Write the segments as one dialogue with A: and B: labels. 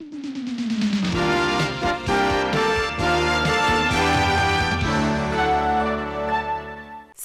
A: Mm-hmm.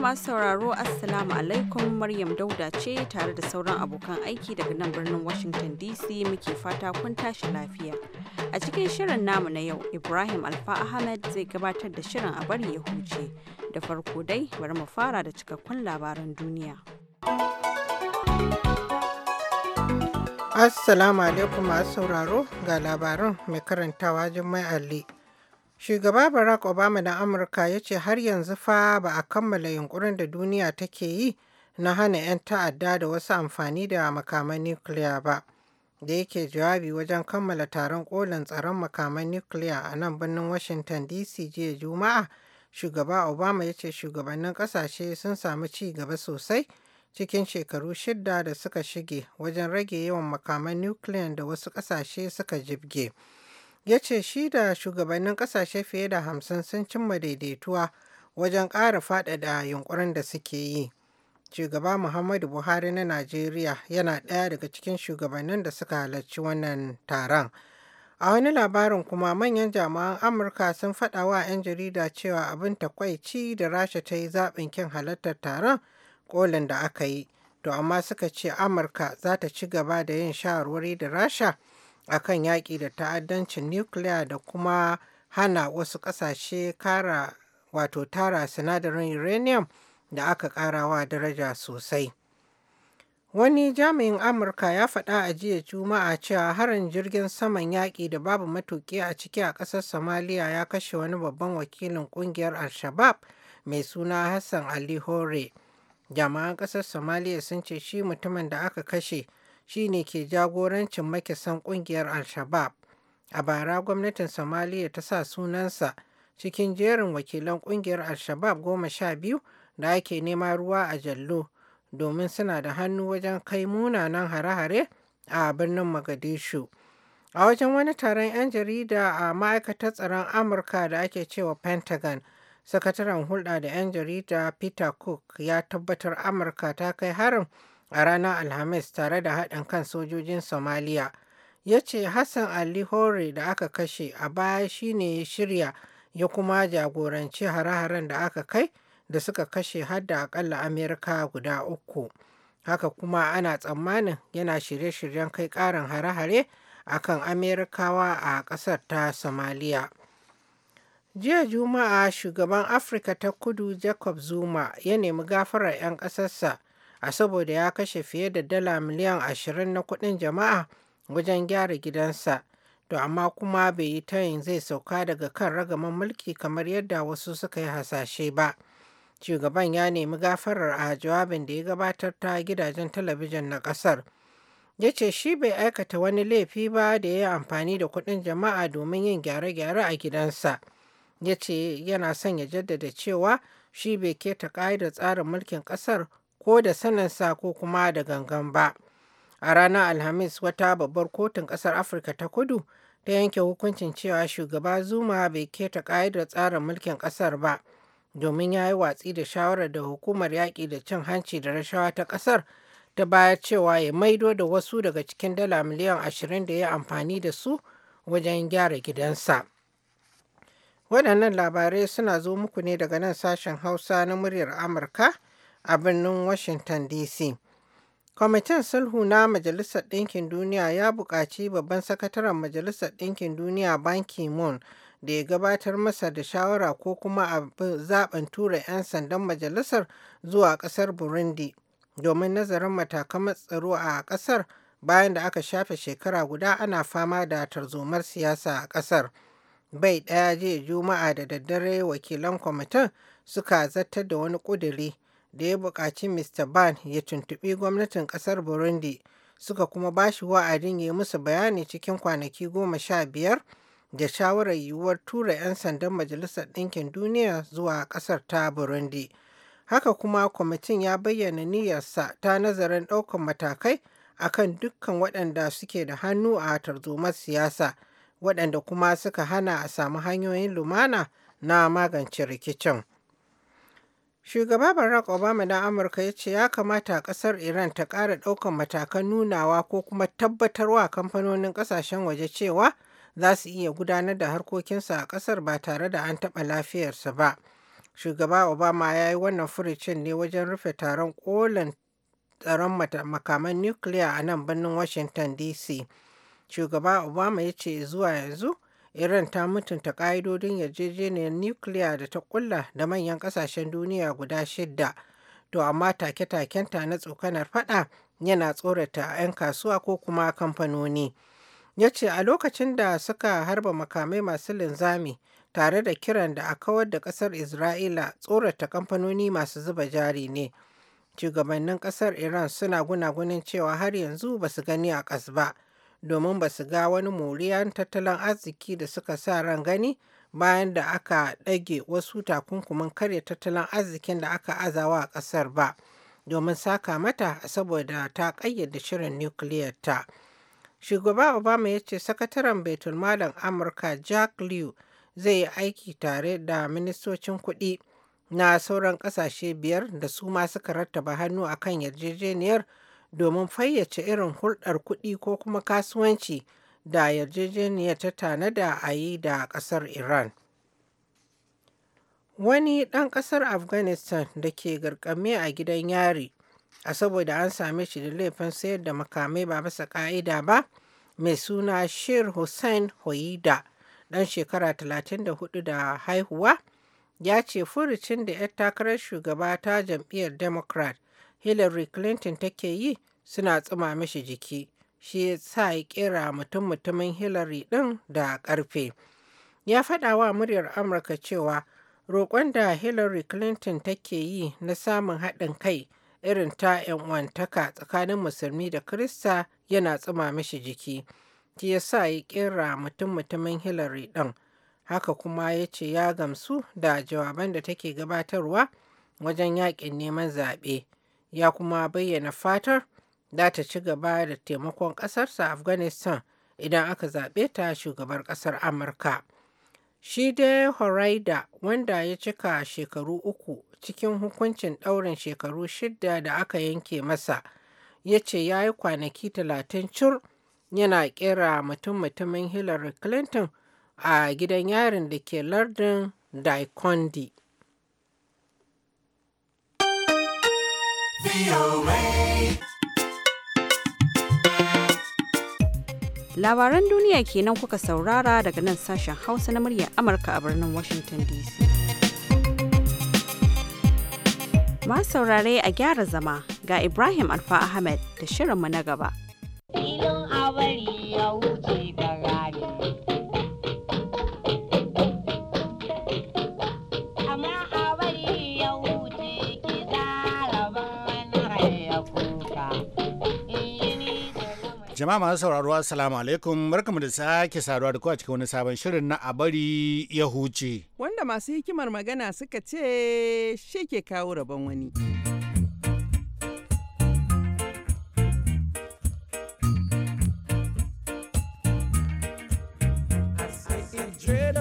A: masu sauraro Assalamu alaikum Maryam Dauda ce tare da sauran abokan aiki daga nan birnin Washington DC muke fata kun tashi lafiya. A cikin shirin namu na yau, Ibrahim Alfa Ahmed zai gabatar da shirin a bari ya huce. Da farko dai, bari mu fara da cikakkun labaran duniya.
B: Assalamu alaikum masu sauraro ga labaran mai karantawa Jummai Ali. Shugaba Barack Obama na Amurka ya ce har yanzu fa ba a kammala yunkurin da duniya take yi na hana 'yan ta'adda da wasu amfani da makaman nukiliya ba. Da yake jawabi wajen kammala taron kolin tsaron makaman nukiliya a nan birnin Washington DC jiya Juma'a, shugaba Obama ya ce shugabannin kasashe sun samu ci gaba sosai cikin shekaru shida da suka shige wajen rage yawan makaman nukiliyan da wasu kasashe suka jibge. ya ce shi da shugabannin kasashe fiye da hamsin sun cimma daidaituwa wajen ƙara faɗaɗa yunkurin da suke yi shugaba muhammadu buhari na najeriya yana ɗaya daga cikin shugabannin da suka halarci wannan taron a wani labarin kuma manyan jami'an amurka sun faɗa wa 'yan jarida cewa abin takwaici da rasha ta yi zaɓin kin halartar taron kolin da aka yi to amma suka ce amurka za ta ci gaba da yin shawarwari da rasha a kan yaƙi da ta'addancin nukiliya da kuma hana wasu ƙasashe kara wato tara sinadarin uranium da aka karawa daraja sosai. Wani jami'in Amurka ya faɗa a jiya Juma'a cewa harin jirgin saman yaƙi da babu matuƙi a ciki a ƙasar Somalia ya kashe wani babban wakilin ƙungiyar Al-Shabaab mai suna Hassan Ali Hore. Jami'an ƙasar Somalia sun ce shi mutumin da aka kashe shine ke jagorancin makisan kungiyar al-shabab a bara gwamnatin somaliya ta sa sunansa cikin jerin wakilan kungiyar al-shabab goma sha biyu da ake nema ruwa a jallo domin suna da hannu wajen kai munanan hare-hare a birnin Magadishu. a wajen wani taron 'yan jarida a ma'aikatar tsaron amurka da ake cewa pentagon sakataren hulɗa da 'yan jarida peter cook ya tabbatar amurka ta kai harin a ranar Alhamis tare da haɗin kan sojojin Somaliya, ya ce Hassan Ali Hore da aka kashe a baya ne ya shirya ya kuma jagoranci hare-haren da aka kai da suka kashe hadda akalla Amerika guda uku. Haka kuma ana tsammanin yana shirye-shiryen kai ƙarin hare-hare a kan Amerikawa a ƙasar ta Somaliya. Jiya Juma'a shugaban Afirka ta kudu Jacob Zuma ya nemi gafarar 'yan ƙasarsa a saboda ya kashe fiye da dala miliyan ashirin na kuɗin jama'a wajen gyara gidansa to amma kuma bai yi tayin zai sauka daga kan ragaman mulki kamar yadda wasu suka yi hasashe ba shugaban ya nemi gafarar a jawabin da ya gabatar ta gidajen talabijin na ƙasar ya ce shi bai aikata wani laifi ba da ya yi amfani da kuɗin jama'a domin yin gyare-gyare a gidansa ya ce yana son ya jaddada cewa shi bai keta ƙa'idar tsarin mulkin ƙasar ko da saninsa ko kuma da gangan ba. A ranar Alhamis wata babbar kotun ƙasar Afirka ta kudu ta yanke hukuncin cewa shugaba Zuma bai keta ƙa'idar tsarin mulkin ƙasar ba domin ya yi watsi da shawarar da hukumar yaƙi da cin hanci da rashawa ta ƙasar ta bayar cewa ya maido da wasu daga cikin dala miliyan ashirin da ya amfani da su wajen gyara gidansa. Waɗannan labarai suna zo muku ne daga nan sashen Hausa na muryar Amurka. a birnin Washington DC. Kwamitin Sulhu na Majalisar Ɗinkin Duniya ya buƙaci babban sakataren Majalisar Ɗinkin Duniya Ban Ki-moon da ya gabatar masa da shawara ko kuma a zaɓin tura 'yan sandan majalisar zuwa ƙasar Burundi domin nazarin matakan tsaro a ƙasar bayan da aka shafe shekara guda ana fama da tarzomar siyasa a ƙasar. Bai ɗaya jiya Juma'a da daddare wakilan kwamitin suka zartar da wani ƙudiri. da ya buƙaci Mr. Ban ya tuntuɓi gwamnatin ƙasar Burundi suka kuma ba shi wa'adin ya yi musu bayani cikin kwanaki goma sha biyar da shawarar yiwuwar tura 'yan sandan Majalisar Ɗinkin Duniya zuwa ƙasar ta Burundi. Haka kuma kwamitin ya bayyana niyyarsa ta nazarin ɗaukar matakai a kan dukkan waɗanda suke da hannu a tarzomar siyasa waɗanda kuma suka hana a samu hanyoyin lumana na magance rikicin. Shugaba Barack Obama na Amurka ya ce ya kamata ƙasar Iran ta ƙara ɗaukan matakan nunawa ko kuma tabbatarwa kamfanonin ƙasashen waje cewa za su iya gudanar da harkokinsu a ƙasar ba tare da an taɓa lafiyarsa ba. Shugaba Obama ya yi wannan furicin ne wajen rufe taron ƙolin tsaron makaman nukiliya a nan birnin Washington DC. Shugaba Obama ya ce zuwa yanzu Iran ta mutunta ƙa'idodin yarjejeniyar nukiliya da ta kulla da manyan ƙasashen duniya guda shidda. To amma take-takenta na tsokanar fada yana tsorata a 'yan kasuwa ko kuma kamfanoni. Ya ce a lokacin da suka harba makamai masu linzami tare da kiran da a kawar da ƙasar Isra'ila tsorata kamfanoni masu zuba jari ne. Shugabannin ƙasar Iran suna gunagunin cewa har yanzu ba su gani a ƙas ba. domin ba su ga wani moriyar tattalin arziki da suka sa ran gani bayan da aka ɗage wasu takunkumin karya tattalin arzikin da aka azawa a ƙasar ba domin saka mata saboda ta ƙayyade shirin nukiliyar ta. Shugaba Obama ya ce sakataren malam Amurka Jack Lew zai yi aiki tare da ministocin kuɗi na sauran ƙasashe biyar da su ma suka rattaba hannu akan yarjejeniyar domin fayyace irin hulɗar kuɗi ko kuma kasuwanci da yarjejeniyar ta tanada a yi da ƙasar Iran. Wani ɗan ƙasar Afghanistan da ke garkame a gidan yari a saboda an same shi da laifin sayar da makamai ba bisa ƙa'ida ba mai suna Shir Hussein Hoida ɗan shekara 34 da haihuwa ya ce furucin da 'yar takarar shugaba ta jam'iyyar Democrat hillary clinton take yi suna tsuma mashi jiki shi sa ya kera mutum-mutumin hillary ɗin da ƙarfe ya faɗa wa muryar amurka cewa roƙon da hillary clinton take yi na samun haɗin kai irin ta 'yan uwantaka tsakanin musulmi da krista yana tsuma mashi jiki shi ya sa ya kera mutum-mutumin hillary ɗin haka kuma ya ce ya gamsu da jawaban da take gabatarwa wajen yaƙin neman zaɓe. ya kuma bayyana fatar za ta ci gaba da taimakon ƙasarsa afghanistan idan aka zaɓe ta shugabar ƙasar amurka shi dai horaida wanda ya cika shekaru uku cikin hukuncin ɗaurin shekaru shida da aka yanke masa ya ce ya yi kwanaki talatin cur yana kera mutum-mutumin hillary clinton a gidan yarin da ke lardin daikondi
A: Labaran duniya kenan kuka saurara daga nan sashen Hausa na muryar Amurka a birnin Washington DC. Ma saurare a gyara zama ga Ibrahim Alfa Ahmed da shirinmu na gaba.
C: jama'a masu sauraro assalamu alaikum barkamu da sake saduwa da kowa cikin wani sabon shirin na a bari ya huce
D: wanda masu hikimar magana suka ce shi ke kawo rabon wani
E: Dread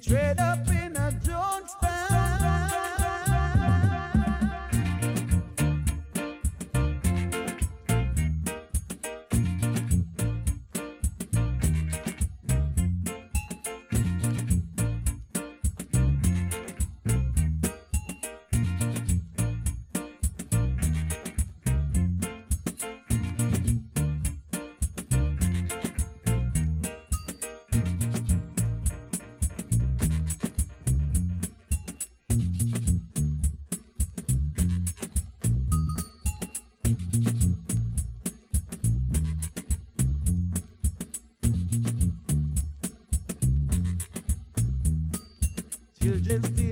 E: dread up in Just. live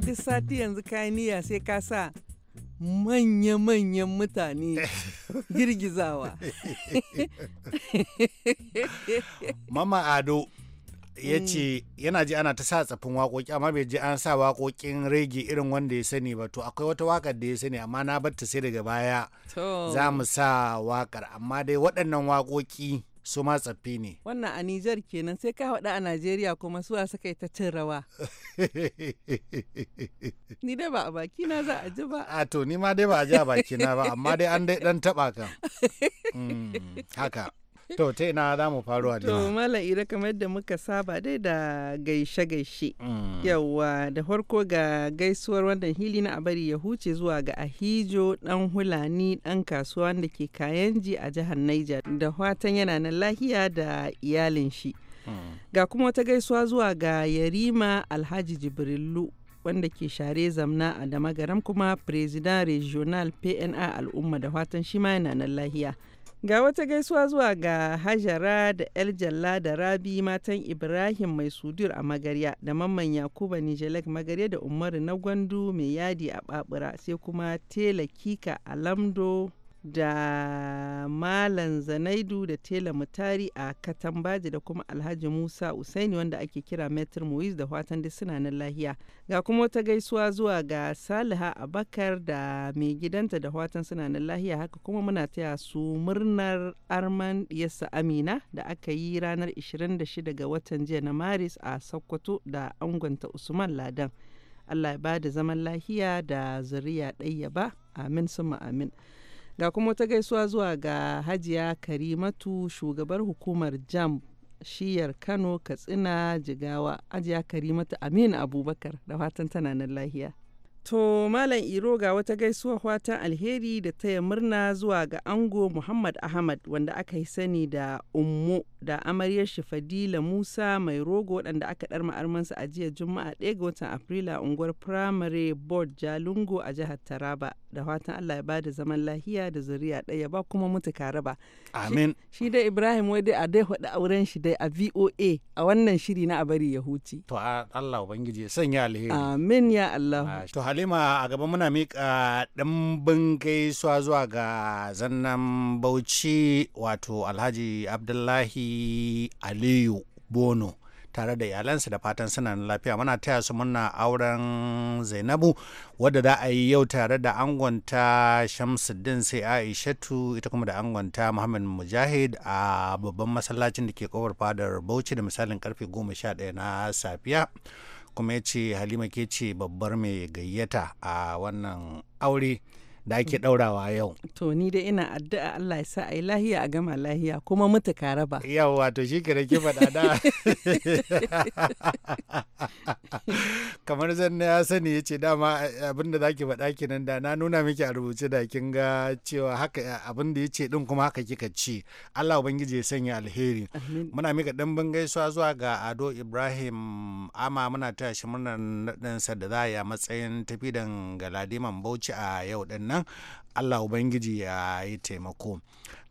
D: duk sati yanzu kayan niyya sai ka sa manya-manyan mutane girgizawa.
C: Mama Ado ya mm. ce yana ji ana ta sa tsafin waƙoƙi amma bai ji an sa waƙoƙin rege irin wanda ya sani ba to akwai wata wakar da ya sani amma na batta sai daga baya za mu sa waƙar amma dai waɗannan waƙoƙi su ma tsaffi ne
D: wannan a Nijar kenan sai ka haɗu a Najeriya kuma su a suka ta cin rawa ni dai ba a baki na za a ji ba a
C: to ni ma dai ba a ji a baki na ba amma dai an dai dan taɓa kan mm, haka to ta ina za mu faru a to
D: mala ira kamar da muka saba dai da gaishe gaishe mm. yawa da farko ga gaisuwar wannan hili na abari ya huce zuwa ga ahijo dan hulani dan kasuwa wanda ke kayanji a jihar Niger da fatan yana nan lahiya da iyalin shi mm. ga kuma wata gaisuwa zuwa ga yarima alhaji jibrilu wanda ke share zamna a damagaram kuma president regional pna al'umma da watan shi ma yana nan lahiya Ga wata gaisuwa zuwa ga Hajara da eljalla da Rabi matan Ibrahim mai sudur a magarya da mamman Yakuba Nijelek magarya da Umaru na Gwandu mai yadi a Babura sai kuma Tela Kika a Lamdo da Malam Zanaidu da Tela Mutari a Katambaji da kuma Alhaji Musa Usaini wanda ake kira Metro Moise da watan duk suna nan lahiya. Ga kuma wata gaisuwa zuwa ga Saliha Abakar da mai gidanta da watan suna nan lahiya haka kuma muna taya su murnar Arman yasa Amina da aka yi ranar 26 ga watan jiya na Maris a Sokoto da angonta Usman Ladan. Allah ya ba da zaman lahiya da zuriya ɗaya ba. Amin suma amin. Ga kuma ta gaisuwa zuwa ga Hajiya Karimatu shugabar hukumar JAM shiyar Kano, Katsina, Jigawa, Hajiya Karimatu Aminu Abubakar da fatan tana nan lahiya. To Malam Iro ga wata gaisuwa fatan alheri da taya murna zuwa ga ango Muhammad Ahmad wanda aka yi sani da Ummu da amaryar shi Fadila Musa mai rogo wadanda aka dar ma'armansa a jiya Juma'a 1 ga watan Afrila unguwar Primary Board Jalingo a jihar Taraba. da fatan Allah ya bada zaman lahiya da zuriya ɗaya ba kuma mutu ba. Amin. Shi dai Ibrahim wai dai a dai faɗi auren shi dai a VOA a wannan
C: shiri na abari ya huci. To Allah Ubangiji sanya alheri. Amin ya Allah. Ah, to Halima a gaba muna miƙa ɗimbin gaisuwa zuwa ga zannan Bauchi wato Alhaji Abdullahi Aliyu Bono. tare da iyalansa da fatan suna na lafiya muna taya su muna auren zainabu wadda za a yi yau tare da angonta shamsuddin sai aishatu ita kuma da angonta muhammad mujahid a babban masallacin da ke kofar fadar bauchi da misalin karfe 11 na safiya kuma ya ce halima ke ce babbar mai gayyata a wannan aure da ake daurawa yau.
D: To ni da ina addu'a Allah ya sa a yi lahiya a gama lahiya kuma mutu ka raba. Yawwa to shi kira ki faɗa da.
C: Kamar zan ya sani ya ce dama abin da zaki faɗa kenan da na nuna miki a rubuce da kin ga cewa haka abin da ya ce din kuma haka kika ci. Allah ubangiji ya sanya alheri. Muna mika ɗan gaisuwa zuwa ga Ado Ibrahim Ama muna tashi shi murnar naɗinsa da za a yi matsayin tafi Galadiman Bauchi a yau ɗan nan allah ubangiji ya yi taimako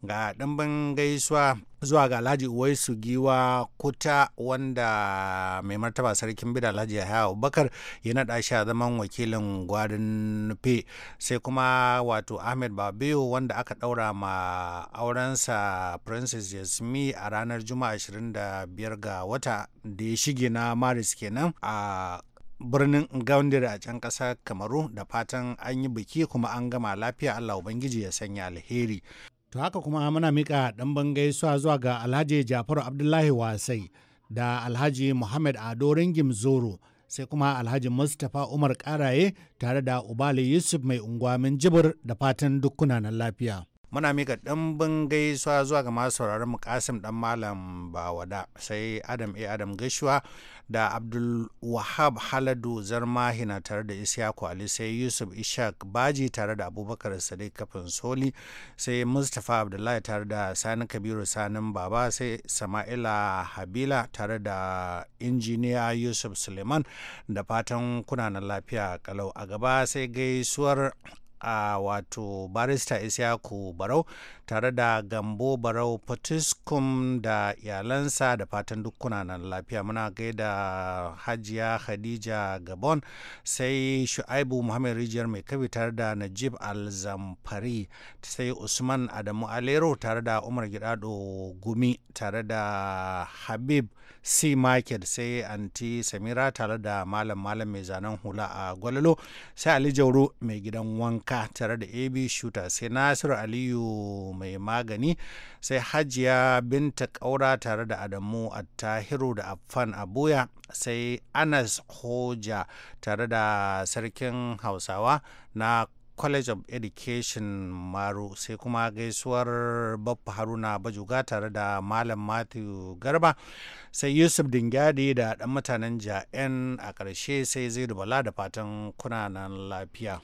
C: ga ɗan gaisuwa zuwa ga alhaji uwaisu giwa kuta wanda mai martaba sarkin bida alhaji ya yahaya abubakar ya naɗa shi a zaman wakilin gwarin nufe sai kuma wato ahmed babiyo wanda aka ɗaura ma aurensa princess yasmi a ranar juma'a 25 ga wata da ya shige na maris kenan a birnin Ngaoundere a can ƙasar Kamaru da fatan an yi biki kuma an gama lafiya Allah Ubangiji ya sanya alheri. To haka kuma muna mika ɗan gaisuwa zuwa ga Alhaji Jafaru Abdullahi Wasai da Alhaji Muhammad Ado Ringim Zoro sai kuma Alhaji Mustapha Umar Karaye tare da Ubali Yusuf mai unguwa jibir da fatan kunanan lafiya. muna mika ɗimbin gaisuwa zuwa ga masu sauraron mukasim ɗan malam bawada sai adam a adam gaisuwa da abdul wahab haladu zarmahina tare da isyaku ali sai yusuf ishak baji tare da abubakar sadiq kafin soli sai mustapha abdullahi tare da sani kabiru sanin baba sai sama'ila habila tare da injiniya yusuf suleiman da fatan kuna lafiya kalau a gaba sai gaisuwar a wato barista isyaku barau tare da gambo barau patiskum da iyalansa da fatan dukkuna nan lafiya muna gaida hajiya khadija gabon sai shu'aibu muhammad rijiyar mai kabi tare da najib alzamfari sai usman adamu alero tare da umar gidado gumi tare da habib c market sai anti samira tare da malam malam mai zanen hula a gwalalo sai ali jauro mai gidan wanka tare da ab shooter sai nasiru aliyu mai magani sai hajiya binta kaura tare da adamu attahiru da Afan abuya sai anas hoja tare da sarkin hausawa na college of education maro sai kuma gaisuwar baffa haruna bajuga tare da malam matthew garba sai yusuf dingadi da dan mutanen ja'en a ƙarshe sai zai bala da fatan kunanan lafiya.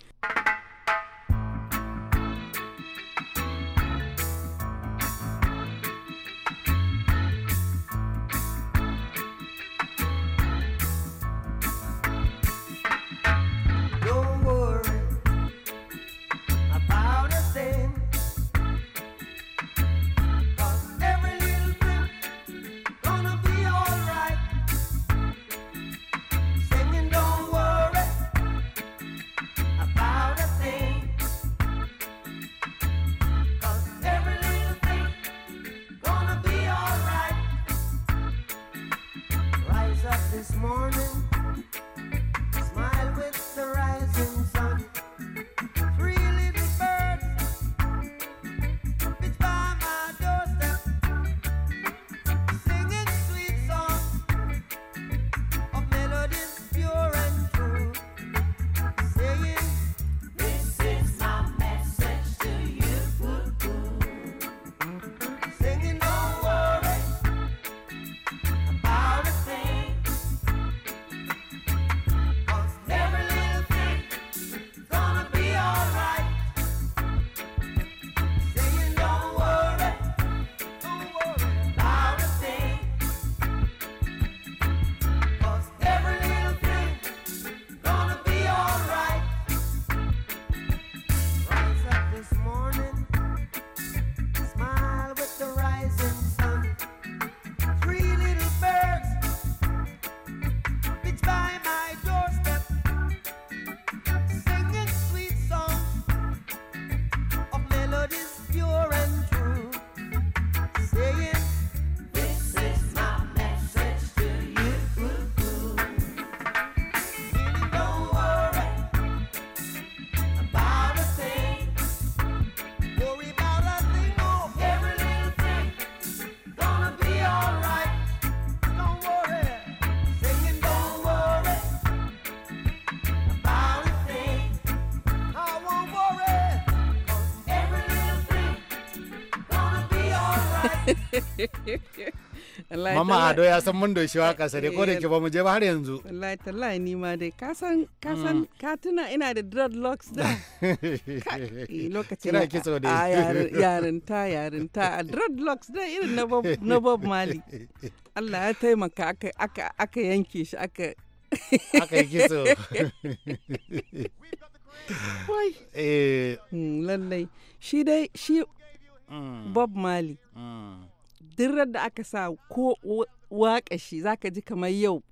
C: mamma ado ya san mun doshi waka sai ko da ke ba mu je ba har yanzu
D: wallahi tallahi ni ma dai ka san ka mm. san ka tuna ina da dreadlocks da
C: lokacin ina kitso dai
D: yarinta yarinta a dreadlocks da irin na bob na bob mali Allah ya taimaka aka aka aka yanke shi aka aka yi kitso
C: wai eh hmm, lallai
D: shi dai shi mm. bob mali duk da aka sa ko waka shi zaka ji kamar yau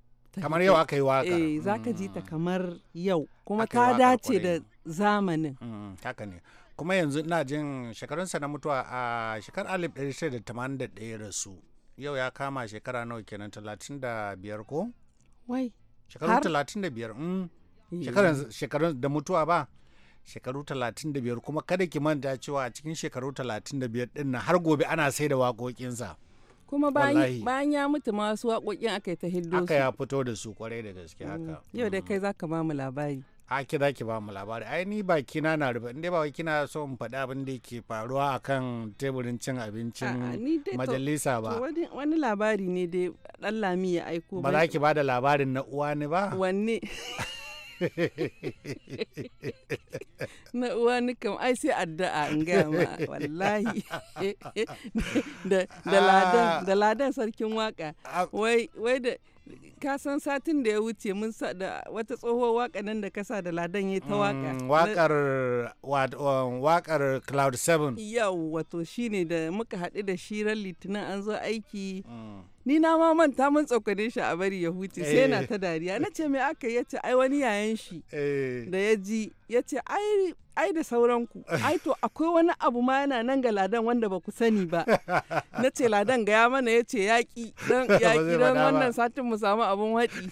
C: kamar yau aka yi waka eh zaka
D: ji ta mm. kamar yau kuma ta dace da
C: zamanin mm, haka ne kuma yanzu ina jin shekarunsa na mutuwa a shekar 1981 rasu yau ya kama shekara nawa kenan 35 ko wai da 35 mm. eh. shekarun da mutuwa ba shekaru 35 kuma kada ki manta cewa a cikin shekaru 35 din nan har gobe ana sai da waƙoƙinsa
D: kuma bayan ya mutu masu waƙoƙin aka yi ta hildo
C: aka ya fito da su kwarai da gaske mm. haka yau da mm. kai zaka ba mu labari a ki za ki ba mu labari ai ni ba kina na rufe inda ba kina so in faɗi abin da ke faruwa akan teburin cin abincin majalisa ba
D: wani labari ne dai ɗan lami ya aiko ba za ki
C: ba da labarin na uwa ne ba wanne
D: na uwa kam ai sai addu'a in ma wallahi ah. da ladan sarkin waka ah. wai da ka san satin da ya wuce mun sa da wata tsohuwar waka nan da kasa da ladan ya ta waka mm, wakar
C: wakar um, cloud 7
D: yau wato shine da muka haɗu da shirar litinin an zo aiki mm. ni na ma manta mun tsokane shi a bari ya huce sai yana eh. ta dariya na ce me aka ya yace ai wani yayan shi
C: eh. da
D: ya ji yace ai ai da sauranku ai to akwai wani abu ma yana nan ga ladan wanda ba ku sani ba na ce ladan gaya mana ya ce yaƙi don yaƙi don wannan satin mu
C: samu abun haɗi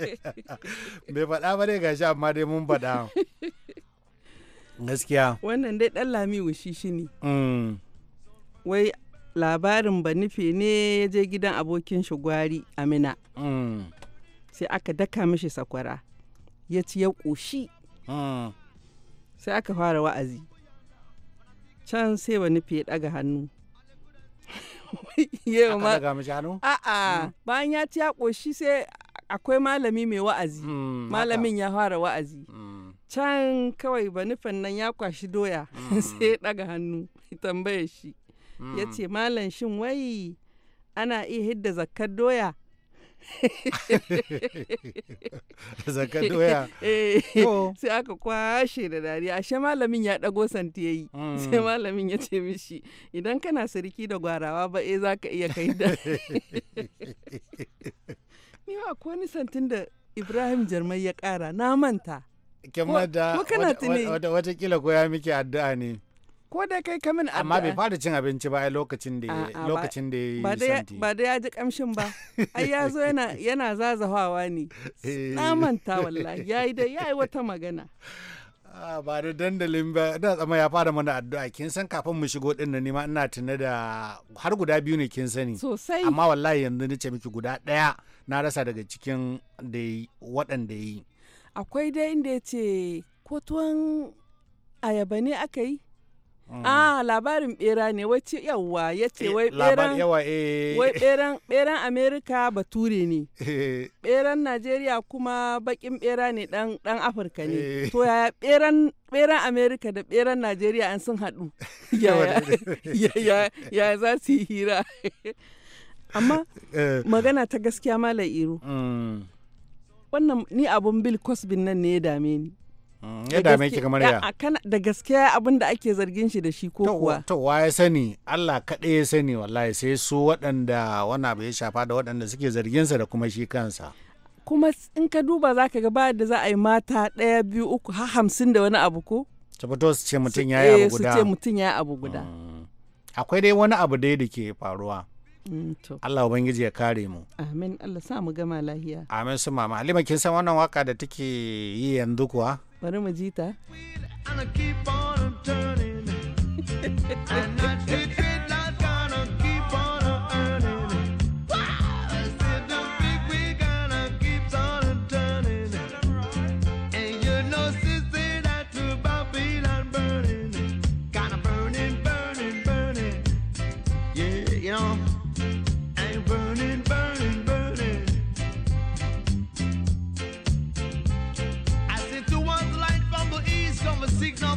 C: bai faɗa ba dai shi amma dai mun faɗa
D: gaskiya wannan dai ɗan lami wushi shi ne mm. wai labarin ba nufi ne ya je gidan abokin shi gwari amina mm. sai aka daka mishi sakwara ya ci ya ƙoshi mm. sai aka fara wa'azi can sai ba nufi ya ɗaga hannu a'a mm. bayan ya ci ya ƙoshi sai akwai malami mai wa'azi malamin ya fara wa'azi can kawai ba nufin nan ya kwashi doya sai ya ɗaga hannu tambaye shi Mm. ya ce malam shin wai ana iya hidda zakkar doya zakar doya eh, sai aka kwashe da dariya ashe malamin ya dago santi yayi mm. sai malamin ya ce mishi idan kana sarki da gwarawa ba eh zaka iya kai da ni ba ko ni santin da Ibrahim Jarmai ya kara na manta
C: kin manta wata kila ko ya miki addu'a ne
D: ko da kai kamin addu'a amma bai
C: fara cin abinci ba lokacin da lokacin da ya yi
D: ba da ya ji kamshin ba ai
C: ya zo yana yana zazahawa ne eh. na manta wallahi yayi da yayi wata magana ah, ba da dandalin ba da tsama ya fara mana addu'a kin san kafin mu shigo din nan ma ina tuna da har guda biyu ne kin sani sosai amma wallahi yanzu ni ce miki guda daya na rasa daga cikin da waɗanda yi akwai dai inda ya ce
D: ko tuwon ayaba ne aka yi Mm. Ah, labarin bera ne wace yawa ya ce eh, wai beran eh. wai beran beran Amerika bature ne. Eh. Beran Najeriya kuma bakin bera ne dan Afirka ne. To yaya beran beran Amerika da beran Najeriya an sun haɗu. Yaya za su yi hira. Amma magana ta gaskiya Malam Iro.
C: Mm.
D: Wannan ni abun Bill Cosby nan ne ya dame ni.
C: Mm, ya dame ki kamar ya
D: da gaskiya abin da ake zargin shi da shi ko kuwa
C: to wa ya sani Allah kaɗai ya sani wallahi sai su waɗanda wani abu ya shafa da waɗanda suke zargin sa da kuma shi kansa
D: kuma in ka duba za ka gaba da za a yi mata ɗaya biyu uku ha hamsin da wani abu ko
C: ta fito su eh, ce mutum ya yi abu guda su ce
D: mutum ya yi abu guda
C: akwai dai wani abu dai da ke faruwa Mm, Allah ubangiji ya kare mu
D: amin Allah sa mu gama lahiya
C: amin su mama Halima kin san wannan waka da take yi yanzu kuwa
D: bari mu ji ta
E: and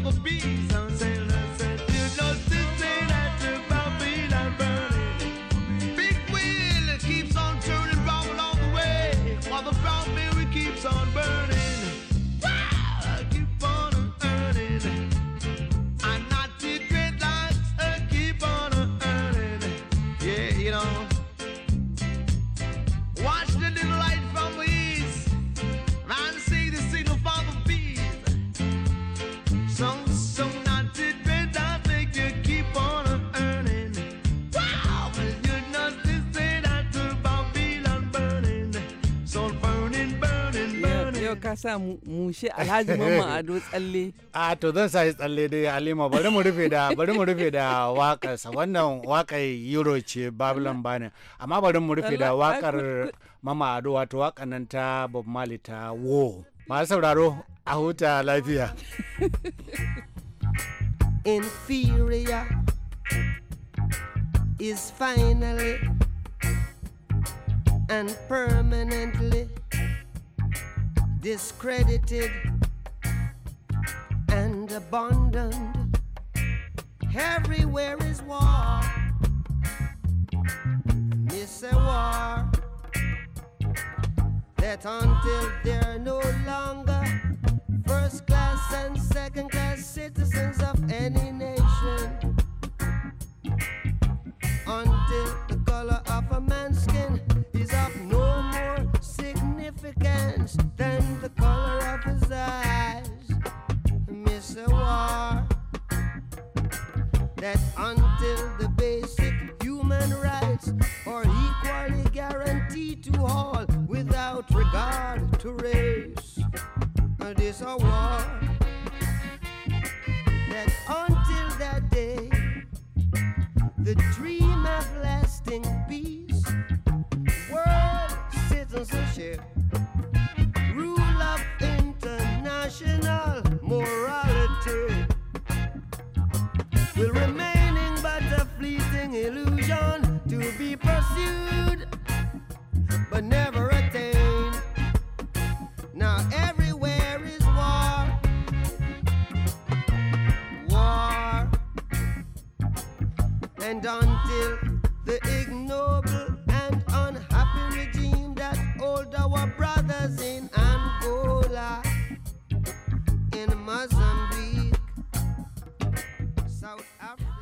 E: other bees.
D: sa mu shi alhaji mamman ado
C: tsalle a to zan sa shi tsalle dai halima bari mu rufe da bari mu rufe da wakar sa wannan wakar euro ce babylon bane amma bari mu rufe da wakar Mamman ado wato wakar nan ta bob marley ta wo Ma sauraro a huta lafiya
F: inferior is finally and permanently discredited and abandoned. Everywhere is war. It's a war that until they're no longer first class and second class citizens of any nation, until the color of a man's skin is of no more significance than. that until the basic human rights are equally guaranteed to all without regard to race. This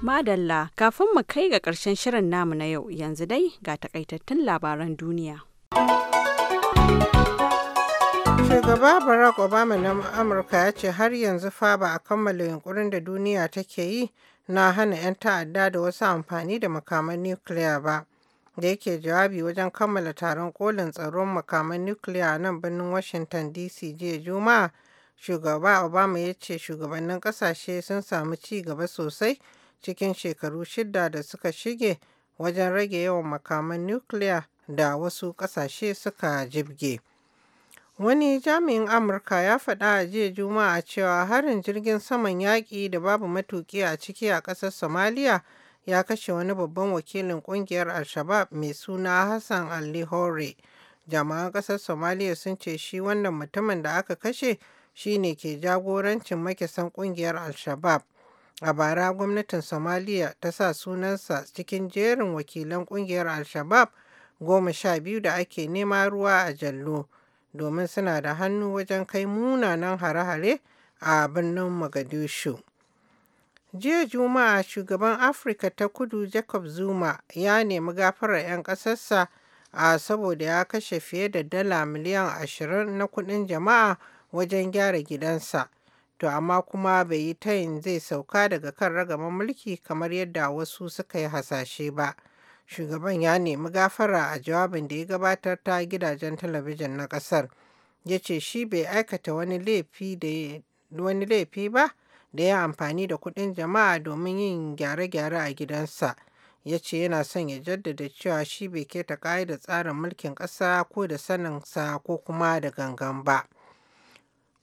A: Madalla kafin mu kai ga ƙarshen shirin namu na yau yanzu dai ga takaitattun labaran duniya.
B: Shugaba Barack Obama na Amurka ya ce har yanzu fa ba a kammala yunkurin da duniya take yi na hana 'yan ta'adda da wasu amfani da makaman nukiliya ba. Da yake jawabi wajen kammala taron kolin tsaron makaman nukiliya nan birnin Washington DC jiya Juma'a, shugaba Obama ya ce shugabannin kasashe sun samu ci gaba sosai. cikin shekaru shida da suka shige wajen rage yawan makaman nukiliya da wasu ƙasashe suka jibge. Wani jami'in Amurka ya faɗa a jiya Juma'a cewa harin jirgin saman yaƙi da babu matuƙi a ciki a ƙasar Somalia ya kashe wani babban wakilin ƙungiyar al mai suna Hassan Al-Lihore. Jama'an ƙasar Somaliya sun ce shi wannan mutumin da aka kashe shine ke jagorancin makisan ƙungiyar al A bara gwamnatin Somaliya ta sa sunansa cikin jerin wakilan ƙungiyar Al-Shabab goma sha biyu da ake nema ruwa a jallo domin suna da hannu wajen kai munanan hare-hare a birnin Mogadishu. Jiya Juma'a shugaban Afirka ta kudu Jacob Zuma ya nemi gafarar 'yan ƙasarsa a saboda ya kashe fiye da dala miliyan ashirin na kuɗin jama'a wajen gyara gidansa to amma kuma bai yi tayin zai sauka daga kan ragaman mulki kamar yadda wasu suka yi hasashe ba shugaban ya nemi gafara a jawabin da ya gabatar ta gidajen talabijin na kasar ya ce shi bai aikata wani laifi ba da ya amfani da kuɗin jama'a domin yin gyare-gyare a gidansa ya ce yana son ya jaddada cewa shi bai keta ƙa'idar tsarin mulkin ƙasa ko da saninsa ko kuma da gangan ba.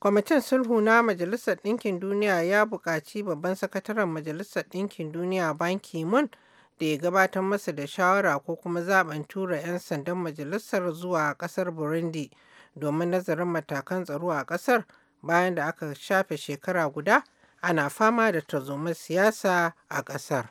B: Kwamitin Sulhu na Majalisar Ɗinkin Duniya ya buƙaci Babban Sakataren Majalisar Ɗinkin Duniya Ban ki da ya gabatar masa da shawara ko kuma zaben tura 'yan sandan majalisar zuwa ƙasar Burundi domin nazarin matakan tsaro a ƙasar bayan da aka shafe shekara guda ana fama da tarzoma siyasa a ƙasar.